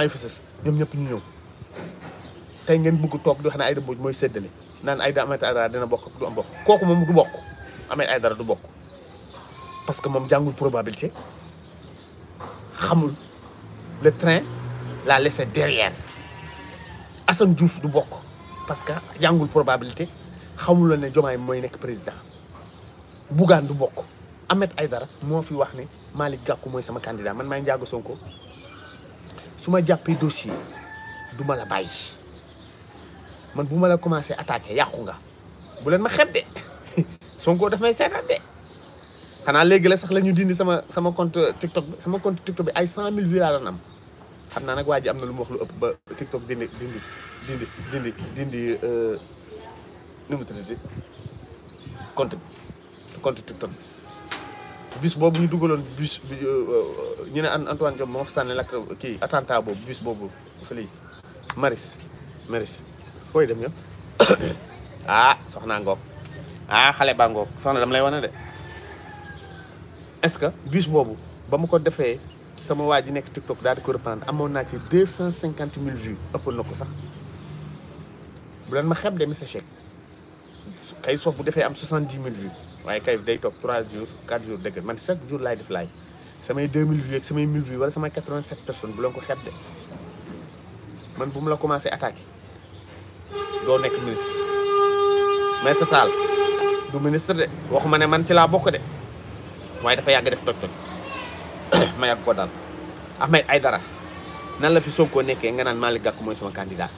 emphasis ñoom ñëpp ñu ñëw tey ngeen bugg toog di wax nan Aïda Mbodj mooy séddale naan Aïda Ahmed Aïdara dina bokk du am bokk kooku moom du bokk Ahmed Aïdara du bokk parce que moom jàngul probabilité xamul le train l'a laissé derrière Assane Diouf du bokk parce que jàngul probabilité xamul la ne Diomaye mooy nekk président Bougane du amet Ahmed Aïdara moo fi wax ne Malick Gakou mooy sama candidat man maay Ndiago Sonko su ma jàppee dossier du ma la bàyyi man bu ma la commencé attaqué yàqu nga bu leen ma xet de Sonko daf may seetaan de xanaa léegi la sax la ñu dindi sama sama compte TikTok sama compte bi ay cent mille vues laa doon am xam naa nag waa ji am na lu mu wax lu ëpp ba TikTok dindi dindi dindi dindi dindi euh, nu mu tuddati compte compte TikTok bus bobu bus euh, euh, ñu un Antoine mo fa attentat bus maris maris koy dem ah soxna ah, ngoog ah xalé Ah, dama lay wone est-ce que bus bobu bam, ko defee sama waji un TikTok Je di ko reprendre amoon vues sax ma kay sox bu defee am 70 000 vues waaye kay day toog 3 jours 4 jours dëgg man chaque jour laay def laaj samay 2000 vues ak samay 1000 vues wala samay 87 personnes bu leen ko xeeb de man bu mu la commencé attaqué doo nekk ministre Maître Tall du ministre de waxuma ne man ci laa bokk de waaye dafa yàgg def toj-toj ma yàgg ko daal Ahmed Aïdara nan la fi Sonko nekkee nga naan Malick Gakou mooy sama candidat.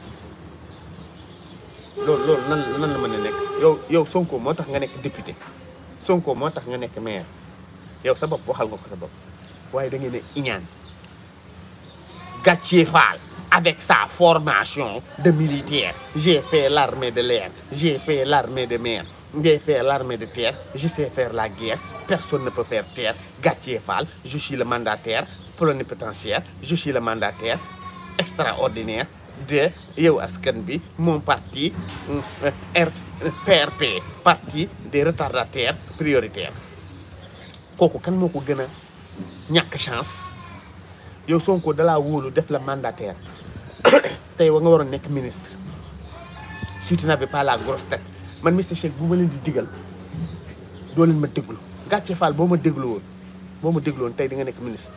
loolu loolu nan nan la mën nek yow yow Sonko motax nga nek député Sonko motax nga nek maire yow sa bopp waxal nga ko sa bop waye da ngay né iñane Fall avec sa formation de militaire j'ai fait l'armée de l'air j'ai fait l'armée de mer j'ai fait l'armée de terre je sais faire la guerre personne ne peut faire terre Gàccee Fall je suis le mandataire plénipotentiaire je suis le mandataire extraordinaire de yow askan bi moom parti PRP parti des retardataires prioritaires kooku kan moo ko gën a ñàkk chance yow Sonko dalaa wóolu def la mandataire tey wa nga waroon nekk ministre si tu bi pas la grosse tête man Mister Shake bu ma leen di digal doo leen ma déglu gàcce faal boo ma déglu woon boo ma déglu woon tey di nga nekk ministre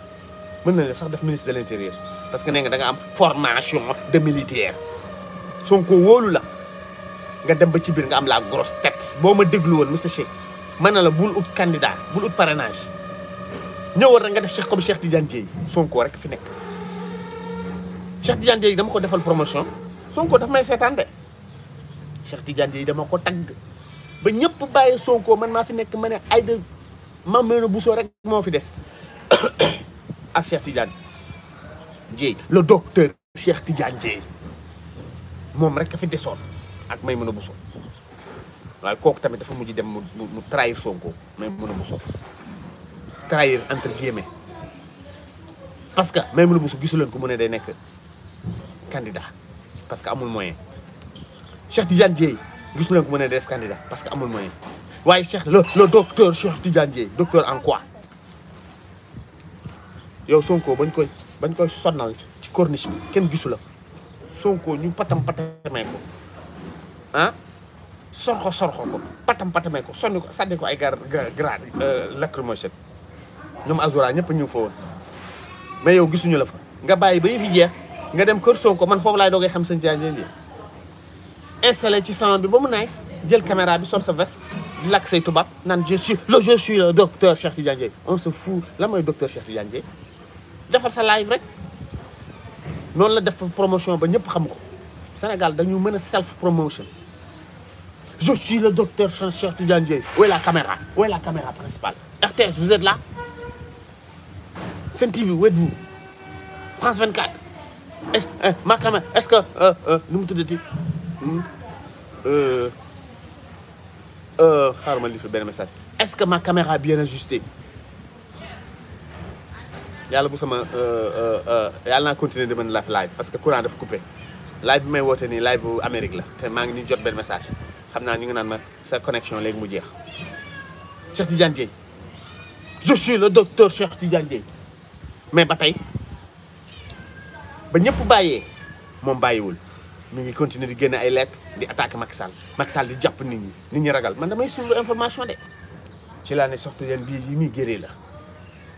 mën na sax def ministre de l'intérieur parce que nga da nga am formation de militaire Sonko wóolu la nga dem ba ci bir nga am la grosse tête boo ma déglu woon monsieur Cheikh mën la bul ut candidat bul ut parrainage ñëwoon rek nga def Cheikh comme Cheikh Tidiane Dieye Sonko rek fi nek Cheikh Tidiane Dieye dama ko defal promotion Sonko daf may setan de Cheikh Tidiane Dieye dama ko tag ba ñëpp bàyyi Sonko man ma fi nek mané ay de Mame Mbayor rek mo fi dess ak Cheikh Tidiane Dièye le docteur Cheikh Tidiane Dièye moom rek a fi desoon ak Maïmouna buso waaye kooku tamit dafa mujj dem mu mu trahir Sonko Maïmouna Bousso trahir entre guillemets parce que Maïmouna Bousso gisu leen ko mu ne day nekk candidat parce que amul moyen Cheikh Tidiane Dièye gisu leen ko mu ne day def candidat parce que amul moyen waaye Cheikh le le docteur Cheikh Tidiane Dièye docteur en yow Sonko bañ koy bañ koy sonnal ci corniche bi kenn gisu la Sonko ñu patam patamee ko ah sorxo sorxo ko patam patamee ko sonni ko sànni ko ay gar grade euh, lacrymogène ñoom Azura ñëpp ñu fa woon mais yow gisuñu la fa nga bàyyi ba yëfi jeex nga dem kër Sonko man foofu laay doogee xam sëñ Diagne Diagne installé ci salon bi ba mu nice jël caméra bi sol sa veste di lakk say tubaab naan je suis le je suis le docteur Cheikh Tidiane Diagne on se fout la mooy docteur Cheikh Tidiane Diagne faire sa live rek non fait def promotion ba ñep xam ko Sénégal dañu mëna self promotion je suis le docteur chancher Tidiane où est la caméra où est la caméra principale RTS vous êtes là Sen TV où êtes-vous France 24 est hein, ma caméra est-ce que Nous sommes Euh. Euh. Hmm? euh, euh ma li fi un message est-ce que ma caméra est bien ajustée yàlla bu sama euh, euh, euh, yalla na continuer di man live live parce que courant dafa couper live may wote ni live amerique la te mang ni jot ben message xamna naa ñu ngi naan ma sa connexion léegi mu jeex Cheikh Tidiane Dieye je suis le docteur Cheikh Tidiane mais ba ba ñëpp bàyyee moom mi ngi continuer di génne ay lettres di attaquer Macky Sall Macky Sall di japp nit ñi nit ñi ragal man damay suivre information de ci la ne sortu yeen bi yi géré la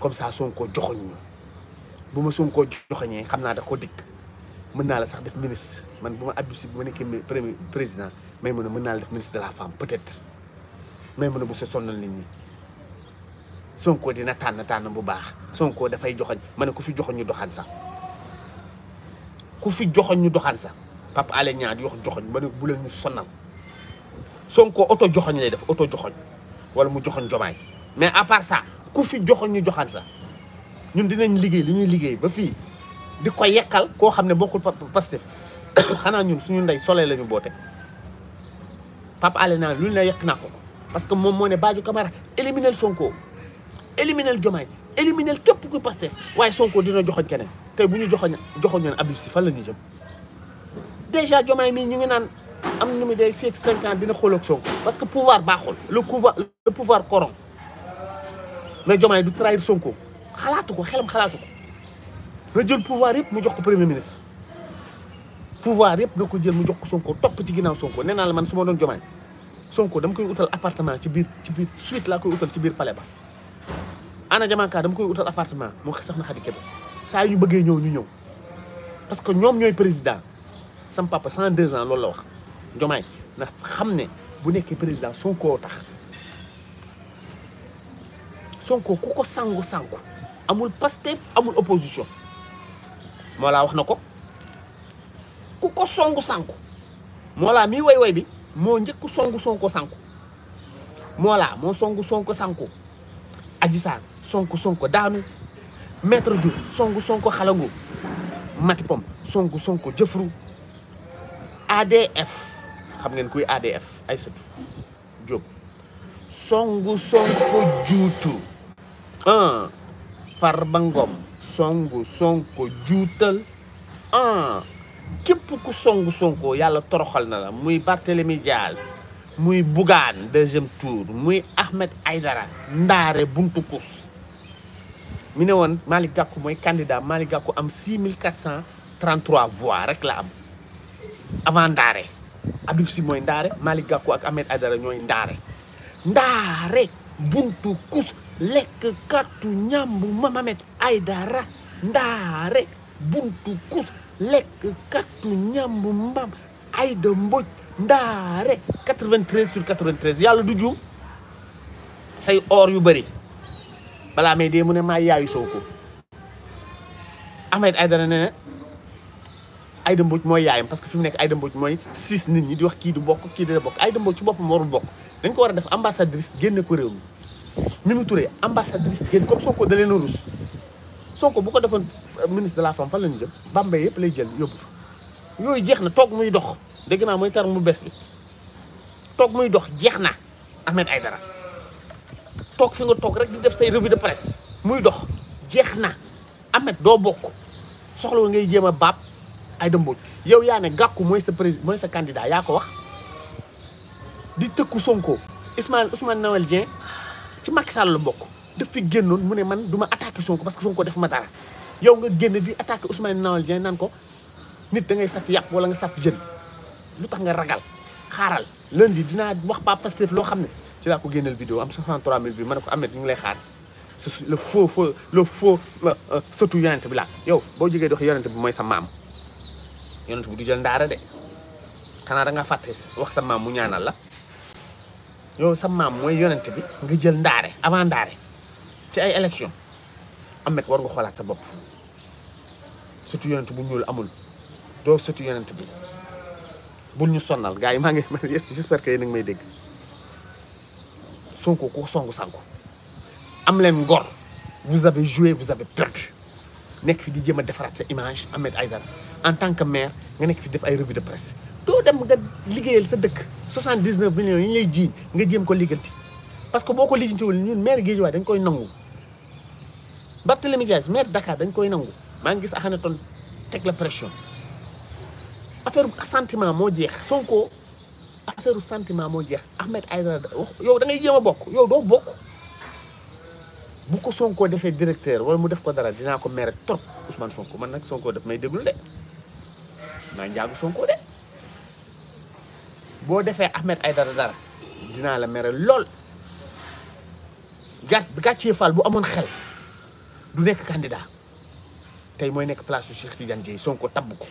comme ça Sonko joxoñ ñu bu ma Sonko joxoñee xam naa da ko dikk mën naa la sax def ministre man bu ma Abib Sy bu ma nekkee premier président may mën a mën naa la def ministre de la femme peut-être may mën a bu sa sonnal nit ñi Sonko dina tànn bu baax Sonko dafay joxoñ ma ne ku fi joxoñ ñu doxaan sax ku fi joxoñ ñu doxaan sax Papa Alé Niang di wax joxoñ ma ne bu leen ñu sonal Sonko oto joxoñ lay def oto joxoñ wala mu joxoñ jomaay mais à part ça ku fi joxoon ñu joxaan sax ñun dinañ liggéey ñuy liggéey ba ko yekkal ñun suñu nous les ko parce que mon moo ne le Camara Sonko éliminer Diomaye éliminel képp le pasteur, Sonko dina fait Il déjà Diomaye ñu ngi naan am ans dina xool Sonko parce que pouvoir le pouvoir le pouvoir corrompt mais Diomaye du trahir Sonko xalaatu ko xelam xalaatu ko na jël pouvoir yëpp mu jox ko premier ministre pouvoir yëpp na ko jël mu jox ko Sonko topp ci ginnaaw Sonko nee naa man su ma doon Diomaye Sonko koy utal appartement ci biir ci biir suite laa koy ci biir palais ba ana jamankaa dama koy utal appartement mu sax na xadi saa ñu bëggee ñëw ñu ñëw parce que ñoom ñooy président sam papa 102 ans loolu la wax xam ne bu nekkee président Sonko tax Sonko ku ko sangu sanku amul Pastef amul opposition moo laa wax na ko ku ko songu sanku moo laa mii way way bi moo njëkk songu Sonko sanku moo laa moo songu Sonko sanku Adji Sarr sonku Sonko daanu Maître Diouf songu Sonko xalangu Mati Pom songu Sonko jëfru ADF xam ngeen kuy ADF ay sëtu Diop songu Sonko juutu un uh. Farba Ngom songu Sonko juutal un uh. képp ku songu Sonko yàlla toroxal na la muy Barthélemy Diaz muy Bougane deuxième tour muy Ahmed Aydara ndaare buntu kus mi ne woon Malick Gakou mooy candidat Malick Gakou am 6433 voix rek la am avant ndaare Habib Sy mooy ndaare Malick Gakou ak Ahmed Aydara ñooy ndaare ndaare buntu kus lekk kàttu ñàmbu Mamamet Aydara ndaare buntu kus lekk kàttu ñàmbu mbam Ayda Mbodj ndaare yàlla du juum say or yu bari balaa may dee mu ne maa yaayu Sonko Ahmed Aydara ne Ayda Mbodj mooy yaayam parce que fi mu nekk Ayda Mbodj mooy siis nit ñi di wax kii du bokk kii dina bokk Ayda Mbodj ci boppam warul bokk dañ ko war a def ambassadrice génne ko réew Mimi Touré ambassadrice ngeen comme Sonko da de a rus Sonko bu ko defoon euh, ministre de la femme fan la ñu jëm Bambey yo, lay jël yóbbu yooyu jeex na toog muy dox dégg naa mooy terme mu bees bi toog muy dox jeex rek di def say revue de presse mouy dox jeex na Ahmed doo bokk soxla ngay jéem a baab Aïda Mbodj yow yaa ne Gakou mooy sa président mooy sa candidat yaa ko wax di tëkku Sonko Ismaël Ousmane Noël Dieng ci Macky Sall la bokk daf fi gennon mu man duma ma Sonko parce que Sonko def ma dara yow nga genn di attaquer Ousmane Nawal Dieng nan ko nit da ngay saf yap wala nga saf lu nga ragal xaaral lundi dina, wax Papa Pastef lo xamne ci la ko génneel vidéo am 63000 vues ma ko Ahmed ñu ngi lay xaar le faux faux le faux euh, sëtu yonent bi la yow bo jige dox yonent bi moy sa mam yonent bi du jël ndara de xanaa da nga fatte wax sa mam mu ñaanal la yow sa maam mooy yonent bi nga jël ndaare avant ndaare ci ay élection amet war nga xoolaat sa bop surtout yonent bu ñuul amul do surtout yonent bi bul ñu sonnal gars yi maa ngi j'espère que yéen ngi may dégg Sonko ku songu sanku am len ngor vous avez joué vous avez perdu nek fi di jéem a sa image Ahmed Aïdara en tant que maire nga nek fi def ay revue de presse do dem nga liggéeyal sa dëkk 79 millions yi ñu lay jiiñ nga jëm ko ligganti parce que boo ko lijjantiwul ñun maire Guédiawaye dañ koy nangu Barthélémy Dias maire Dakar dañ koy nangu maa ngi gis Akhenaton teg la pression affaire sentiment moo jeex Sonko affaire sentiment moo jeex Ahmed Aïdara wax yow da ngay jéem a bokk yow doo bokk bu ko sonkoo defee directeur wala mu def ko dara dinaa ko mere trop Ousmane Sonko man nag Sonko def may déglu de maa njaagu Sonko de avez fait Ahmed avez dara dina la Vous Lol, fait Fall bu avez xel du nek candidat tay moy nek place Cheikh Tidiane Ahmed Sonko Vous ko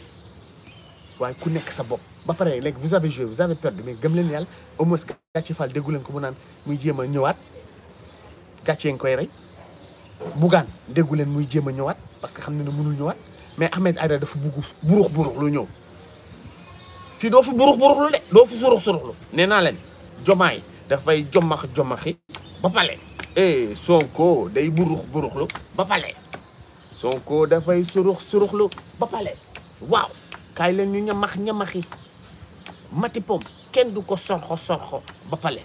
way ku nek sa bop ba vous avez joué vous avez perdu mais gem len yal au moins Ahmed Fall Vous ko mu nan muy djema ñewat Ahmed parce que ne mënul mais Ahmed ayda dafa lu fii doo fi burux lu de doo fi surux suruxlu nee len jomay da fay jomax jomaxi ba pale eh Sonko day buruh lu ba pale Sonko suruh suruh lu ba pale wow, kay len ñu ñamax ñamaxi mati pom ken du ko sorxo sorxo ba pale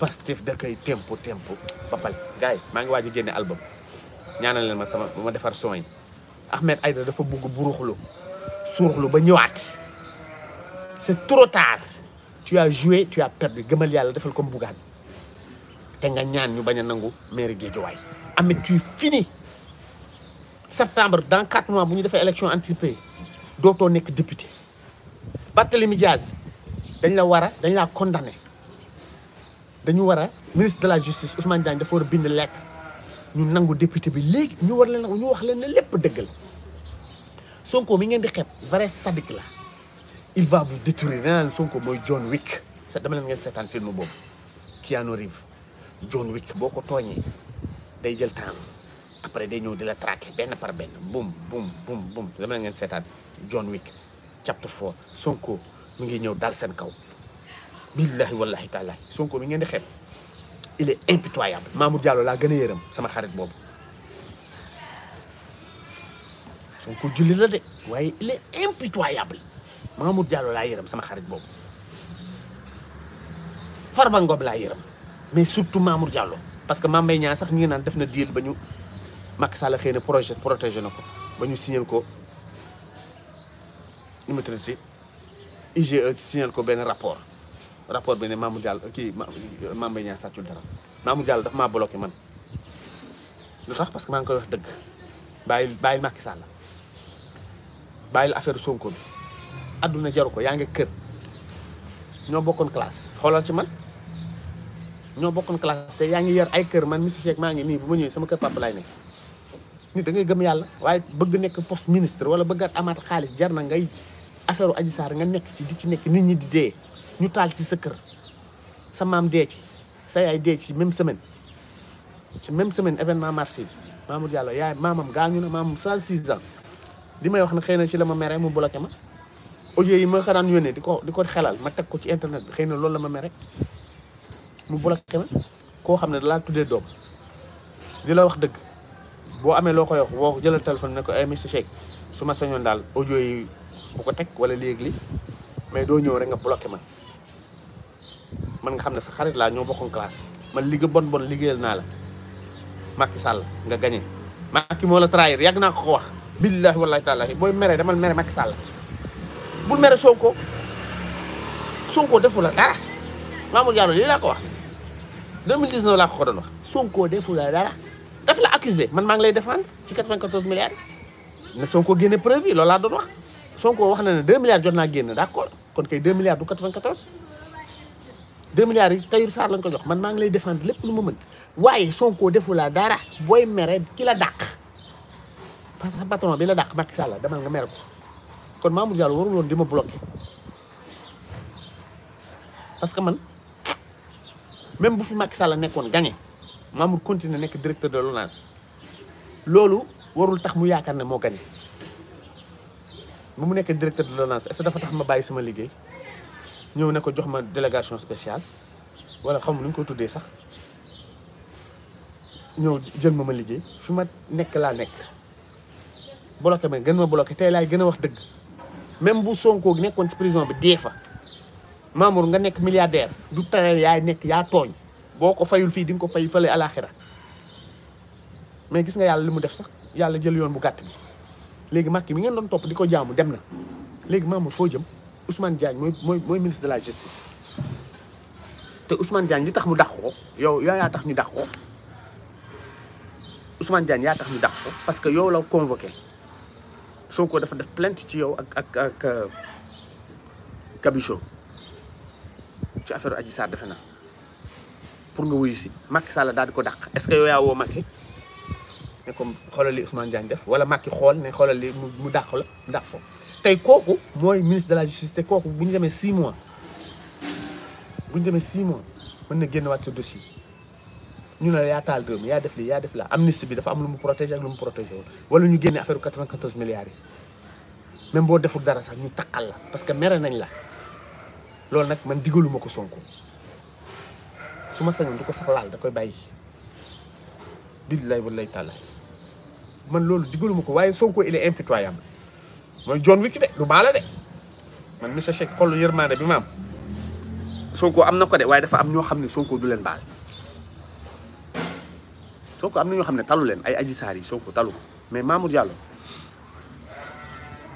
pastif da kay tempo tempo ba pale gay ma maa ngi album ñaanal len ma sama buma defar son yi Ahmed Aïda dafa bugg suruh lu ba ñëwaat c'est trop tard tu as joué tu as perdu gëmal yàlla defal comme Bougane te nga ñaan ñu bañ a nangu mairie Guédiawaye Ameth tu fini septembre dans quatre mois bu ñu élection anticipée dootoo nekk député Battle Diaz dañ la war a dañ laa condamné dañu war ministre de la justice Ousmane Diagne dafa war a bind lettre ñu nangu député bi léegi ñu war leen ñu wax leen ne lépp dëgg la Sonko mi ngeen di xeeb vrai sadique la il va vous détruire nee hein, naa leen Sonko mooy John Wick C'est dama leen ngeen seetaan film qui en arrive. John Wick boo ko tooñee day jël temps après day ñëw de la traquer benn par benn boum boum boum boum dama leen ngeen seetaan John Wick chapter four Sonko mi ngi ñëw dal seen kaw billahi wallahi ta'ala. Sonko mi ngeen di xeeb il est impitoyable Mamour Diallo la gën a yërëm sama xarit bob. Sonko julli la de waaye il est impitoyable Mamour Diallo laa yërëm sama xarit boobu Farba laa yërëm mais surtout Mamour Diallo parce que Mame Mbaye Niang sax ñu ngi naan def na deal ba ñu Macky Sall xëy na projet protégé na ko ba ñu signal ko nu mu traité IGE signal ko benn rapport rapport bi ne Mamour Diallo kii Mame Mbaye Niang sàccul dara Mamour Diallo maa bloqué man lu tax parce que maa ngi koy wax dëgg bàyyil bàyyil Macky Sall bàyyil affaire Sonko bi aduna jaru ko yaa keur ño bokkon class xolal ci man ño bokkon class te yaa yor ay keur man monsieur Cheikh maa ngi nii bu sama keur papa lay nek ni da ngay gëm yalla waye bëgg nek poste ministre wala bëgg amat kalis, jar na ngay affaireu Adji sar nga nek ci di ci nek nit ñi di dé ñu taal si sa sama sa mam dé ci sa yaay dé ci même semaine ci même semaine événement marché bi Mamour Diallo yaay mamam gañu na maamam 106 ans li wax na xeyna ci lama méré mu bloqué ma audio yi ma ka daan yónnee di ko di ko xelal ma teg ko ci internet bi xëy na loolu la ma mere mu bloqué ma koo xam ne dalaa tuddee doom di la wax dëgg boo amee loo koy wax boo jëlal téléphone ne ko ay Mister Shake su ma sañoon daal audio yi bu ko teg wala léegi li mais doo ñëw rek nga bloqué ma man nga xam ne sa xarit laa ñoo bokkoon classe man liggéey bon bon liggéeyal naa la ki Sall nga gagné Macky moo la trahir yàgg naa ko ko wax billahi wallahi taala booy mere demal mere Macky Sall bul mere Sonko Sonko defu la dara Mamour Diallo lii laa ko wax 2019 laa ko ko doon wax Sonko deful la dara daf la accusé man maa ngi lay défendre ci 94 milliards ne Sonko génne preuve yi loolu laa doon wax Sonko wax na ne 2 milliards jot naa génn d'accord kon kay 2 milliards du 94 2 milliards yi Tahirou Sarr lañ ko jox man maa ngi lay défendre lépp lu ma mën waaye Sonko defu la dara booy mere ki la dàq parce que patron bi la dàq Macky Sall dama nga mere ko. kon Mamour Diallo warul woon di ma parce que man même bu fi Macky Sall nekkone gagné Mamour continuer nek directeur de l'ONAS loolu warul tax mu yakarne ne gagné mu nek directeur de l'ONAS est-ce dafa tax ma baye sama liguey ñew ne ko jox ma délégation spéciale wala xam nu ko tuddé sax ñew jël ma ma liguey fi ma nek la nek bloqué ma gën ma bloqué tay lay gëna wax deug même bu Sonko nekkon ci prison bi defa Mamour nga nek milliardaire du tere yaay nek ya togn boko fayul fi ding ko fay fële alaxira mais gis nga yalla limu mu def sax yalla jël yoon bu gatt bi legui makki mi ngeen don top diko jaamu dem na Mamour fo jëm Ousmane Diagne moy moy moy ministre de la justice te Ousmane Diagne li tax mu dàq ko yow ya ya tax ñu dàq ko Ousmane Diagne ya tax ñu dàq ko parce que yow la convoquer ko dafa def plainte ci yow ak ak ak euh, Kabicho ci affaire Adji defe na pour nga wuyu si Macky Sall daal di ko dàq est-ce que yow yaa woo Macky ne comme xoolal li Ousmane Diagne def wala makki xool ne xoolal li mu dàq la mu dàq ko tey kooku mooy ministre de la justice te kooku bu ñu demee six mois bu ñu demee six mois mën na génn waat sa dossier ñu ne la yaa taal réew mi yaa def lii yaa def la amnistie bi dafa am lu mu protégé ak lu mu protégé woon wala ñu génne affaire 94 milliards yi même boo deful dara sax ñu takkal la parce que mere nañ la loolu nag man digaluma ko Sonko su ma sañoon du ko sax laal da koy bàyyi di lay wala lay tàllay man loolu digaluma ko waaye Sonko il est impitoyable mooy John Wick de lu baala de man monsieur Cheikh xol yërmaande bi ma am Sonko am na ko de waaye dafa am ñoo xam ne Sonko du leen baal. soko am ñu xamne talu len ay aji Sarr yi Sonko talu mais Mamour Diallo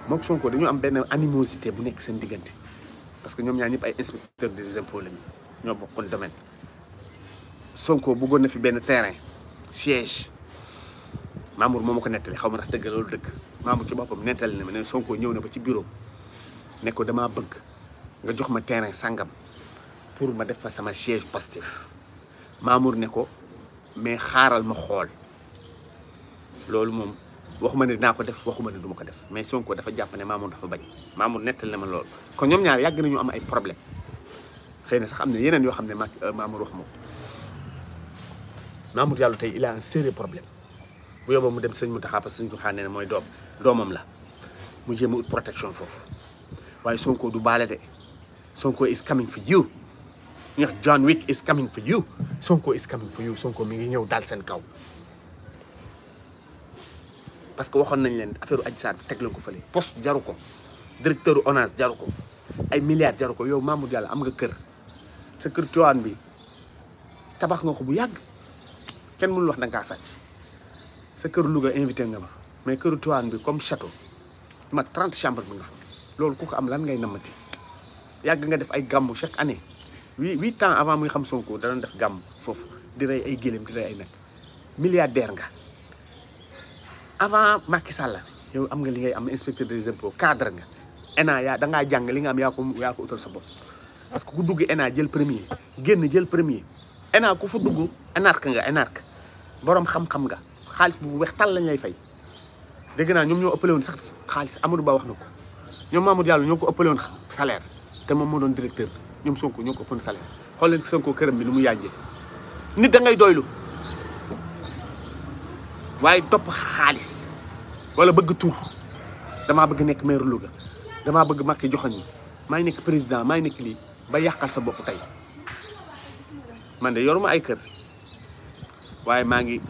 mok Sonko dañu am ben animosité bu nek seen digënté parce que ñom ñaar ñep ay inspecteur des impôts lañu ñoo bokkul domaine Sonko bu gonne fi ben terrain siège Mamour momako netali xawma tax deug lolu deug Mamour ci bopam netali na mais Sonko ñëw na ba ci bureau ne ko dama bëgg nga jox ma terrain sangam pour ma def fa sama siège pastif Mamour ne ko. mais xaaral ma xool loolu moom waxuma ne dinaa ko def waxuma ne duma ko def mais Sonko dafa jàpp ne Mamour dafa bañ Mamour nettal na ma loolu kon ñoom ñaar yàgg nañu am ay problème xëy na sax am na yeneen yoo xam ne Mamour wax ma Mamour Diallo tey il a un sérieux problème bu yóbboo mu dem sëñ Mountakha parce que sëñ ko xaar ne mooy doom doomam la mu jéem a ut protection foofu waaye Sonko du baale de Sonko is coming for you ñu wax John Wick is coming for you Sonko is coming for you Sonko mi ngi ñëw daal seen kaw parce que waxoon nañ leen affaire Adji Sarr bi teg leen ko fële poste jaru ko directeur ONAS jaru ko ay milliards jaru ko yow Mamour Diallo am nga kër sa kër Tivaouane bi tabax nga ko bu yàgg kenn mënul wax da ngaa sàcc sa kër Louga invité nga ma mais këru Tivaouane bi comme château ma 30 chambres bi nga loolu ku ko am lan ngay namati yàgg nga def ay gàmmu chaque année. 8 ans avant muy xam Sonko dana def gàmm foofu di rey ay gëléem di rey ay nag milliardaire nga avant Macky Sall yow am nga li ngay am inspecteur des impôts cadre nga ENA ya da ngaa jàng li nga am yaa ko yaa ko utal sa bopp parce que ku dugg ENA jël premier génn jël premier ENA ku fa dugg énarque nga énarque borom xam-xam nga xaalis bu weex tal lañ lay fay dégg naa ñoom ñoo ëppale woon sax xaalis Amadou Ba wax Mamadou Diallo salaire directeur ñom sonko ñoko ko pon salaire xool leen sonko kërëm bi nu mu yànjee nit da ngay doylu waye top xaaliss wala bëgg tour dama bëgg nek maire Louga dama bëgg makki joxoñ ma nek président may nek li ba yàqal sa bopp tay man de yoruma ay kër waye maangi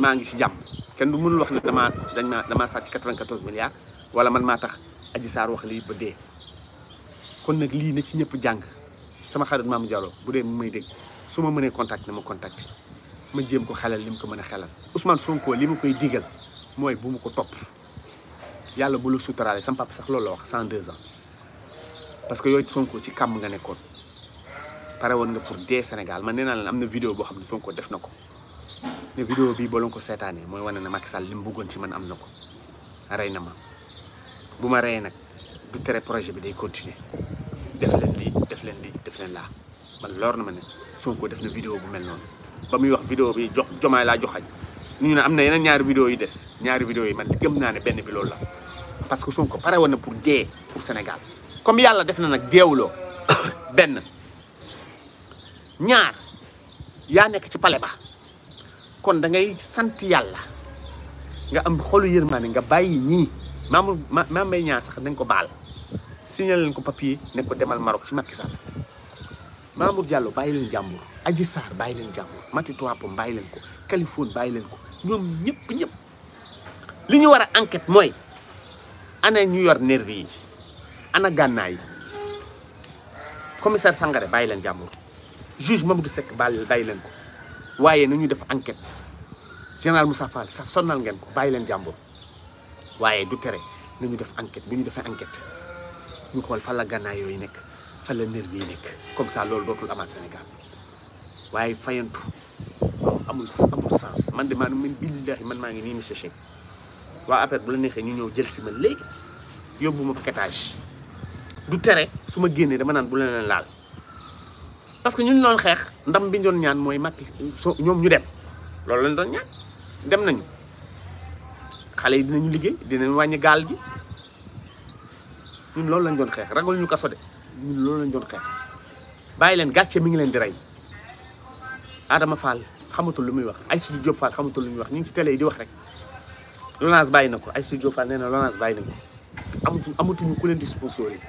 maangi ci jamm kenn du mënul wax ni dama dañ ma dama sacc 94 milliards wala man ma tax aji sar wax li ba kon nag lii na ci ñëpp jàng sama xarit Maam jaloo bu dee may dégg su ma mënee contact na ma contacté ma jéem ko xelal li ma ko mën a xelal Ousmane Sonko li ma koy digal mooy bu mu ko topp yàlla bu la suturaale sama papa sax loolu la wax 102 ans parce que yooyu Sonko ci kàmm nga nekkoon pare woon nga pour dee Sénégal man nee naa leen am na vidéo boo xam ne Sonko def na ko ne vidéo bii boo leen ko seetaanee mooy wane na Macky Sall li mu buggoon ci man am na ko rey na ma bu ma reyee nag tere projet bi day continuer def leen lii def leen lii def leen laa man loor na ma ne Sonko def na vidéo bu mel noonu ba muy wax vidéo bi jox jomaay laa joxañ ñu ne am na yeneen ñaari vidéo yu des ñaari vidéo yi man gëm naa ne benn bi loolu la parce que Sonko pare woon na pour dee pour Sénégal comme yàlla def na nag deewuloo benn ñaar yaa nekk ci pale ba kon dangay sant yàlla nga am xolu yërmaane nga bàyyi ñii maamu ma maam may ñaar sax dañ ko baal signalé leen ko papier ne ko demal Maroc ci Macky Sall Mamour Diallo bàyyi leen jàmbur Adji Sarr bàyyi leen jàmbur Mati Toapom bàyyi leen ko Kaliphone bàyyi leen ko ñoom ñëpp ñëpp li ñu war a enquête mooy ana ñu yor nervi yi ana gànnaay yi commissaire Sangaré leen jàmbur juge Mamadou Seck bàyyi bàyyi leen ko waaye nu ñu def enquête général Moussa Fall sax sonnal ngeen ko bàyyi leen jàmbur waaye du tere nu ñu def enquête bu ñu defee enquête ñu xool fan la yooyu nekk fan la nekk comme ça loolu dootul amaat Sénégal waaye fayantu amul amul sens man de maanaam man billahi man maa ngi nii monsieur Cheikh waa affaire bu la neexee ñu ñëw jël si ma léegi yóbbu ma paquetage du tere su ma génnee dama naan bu la leen laal parce que ñun doon xeex ndam bi doon ñaan mooy Macky so ñoom ñu dem loolu la doon ñaan dem nañu xale yi dinañu liggéey dinañ wàññi gaal gi. ñun loolu lañ doon xeex ragal ñu kaso de ñun loolu lañ doon xeex bàyyi leen gàcce mi ngi leen di rey Adama Fall xamatul lu muy wax Aïssatou Diop Fall xamatul lu muy wax ñu ngi ci télé di wax rek Lonase bàyyi na ko Aïssatou Diop Fall nee na Lonase bàyyi na ko amatuñu amatuñu ku leen di sponsoriser